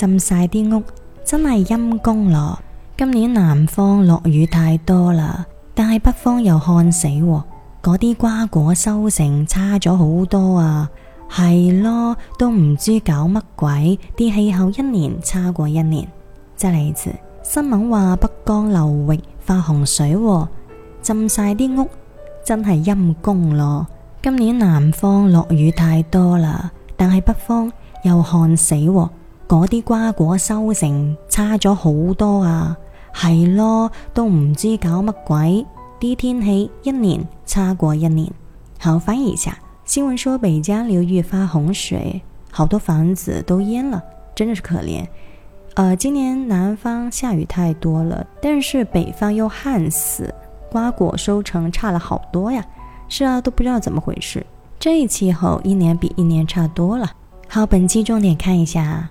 浸晒啲屋，真係陰功咯。今年南方落雨太多啦，但係北方又旱死，嗰啲瓜果收成差咗好多啊。係咯，都唔知搞乜鬼，啲氣候一年差過一年。即係例子，新聞話北江流域發洪水，浸晒啲屋，真係陰功咯。今年南方落雨太多啦，但係北方又旱死。嗰啲瓜果收成差咗好多啊，係咯，都唔知搞乜鬼。啲天氣一年差過一年。好，翻譯一下新聞說北江流域發洪水，好多房子都淹了，真的是可憐。呃，今年南方下雨太多了，但是北方又旱死，瓜果收成差了好多呀。是啊，都不知道怎麼回事，這氣候一年比一年差多了。好，本期重點看一下。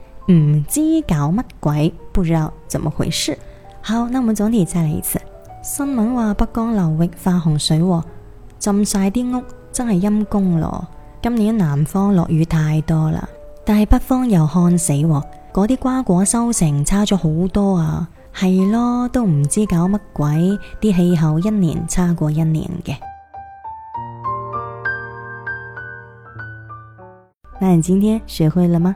唔知搞乜鬼，不知道怎麼回事。好，那我們總體再來一次。新聞話北江流域發洪水，哦，浸晒啲屋，真係陰功咯。今年南方落雨太多啦，但係北方又旱死，哦，嗰啲瓜果收成差咗好多啊。係咯，都唔知搞乜鬼，啲氣候一年差過一年嘅。那你今天學會了嗎？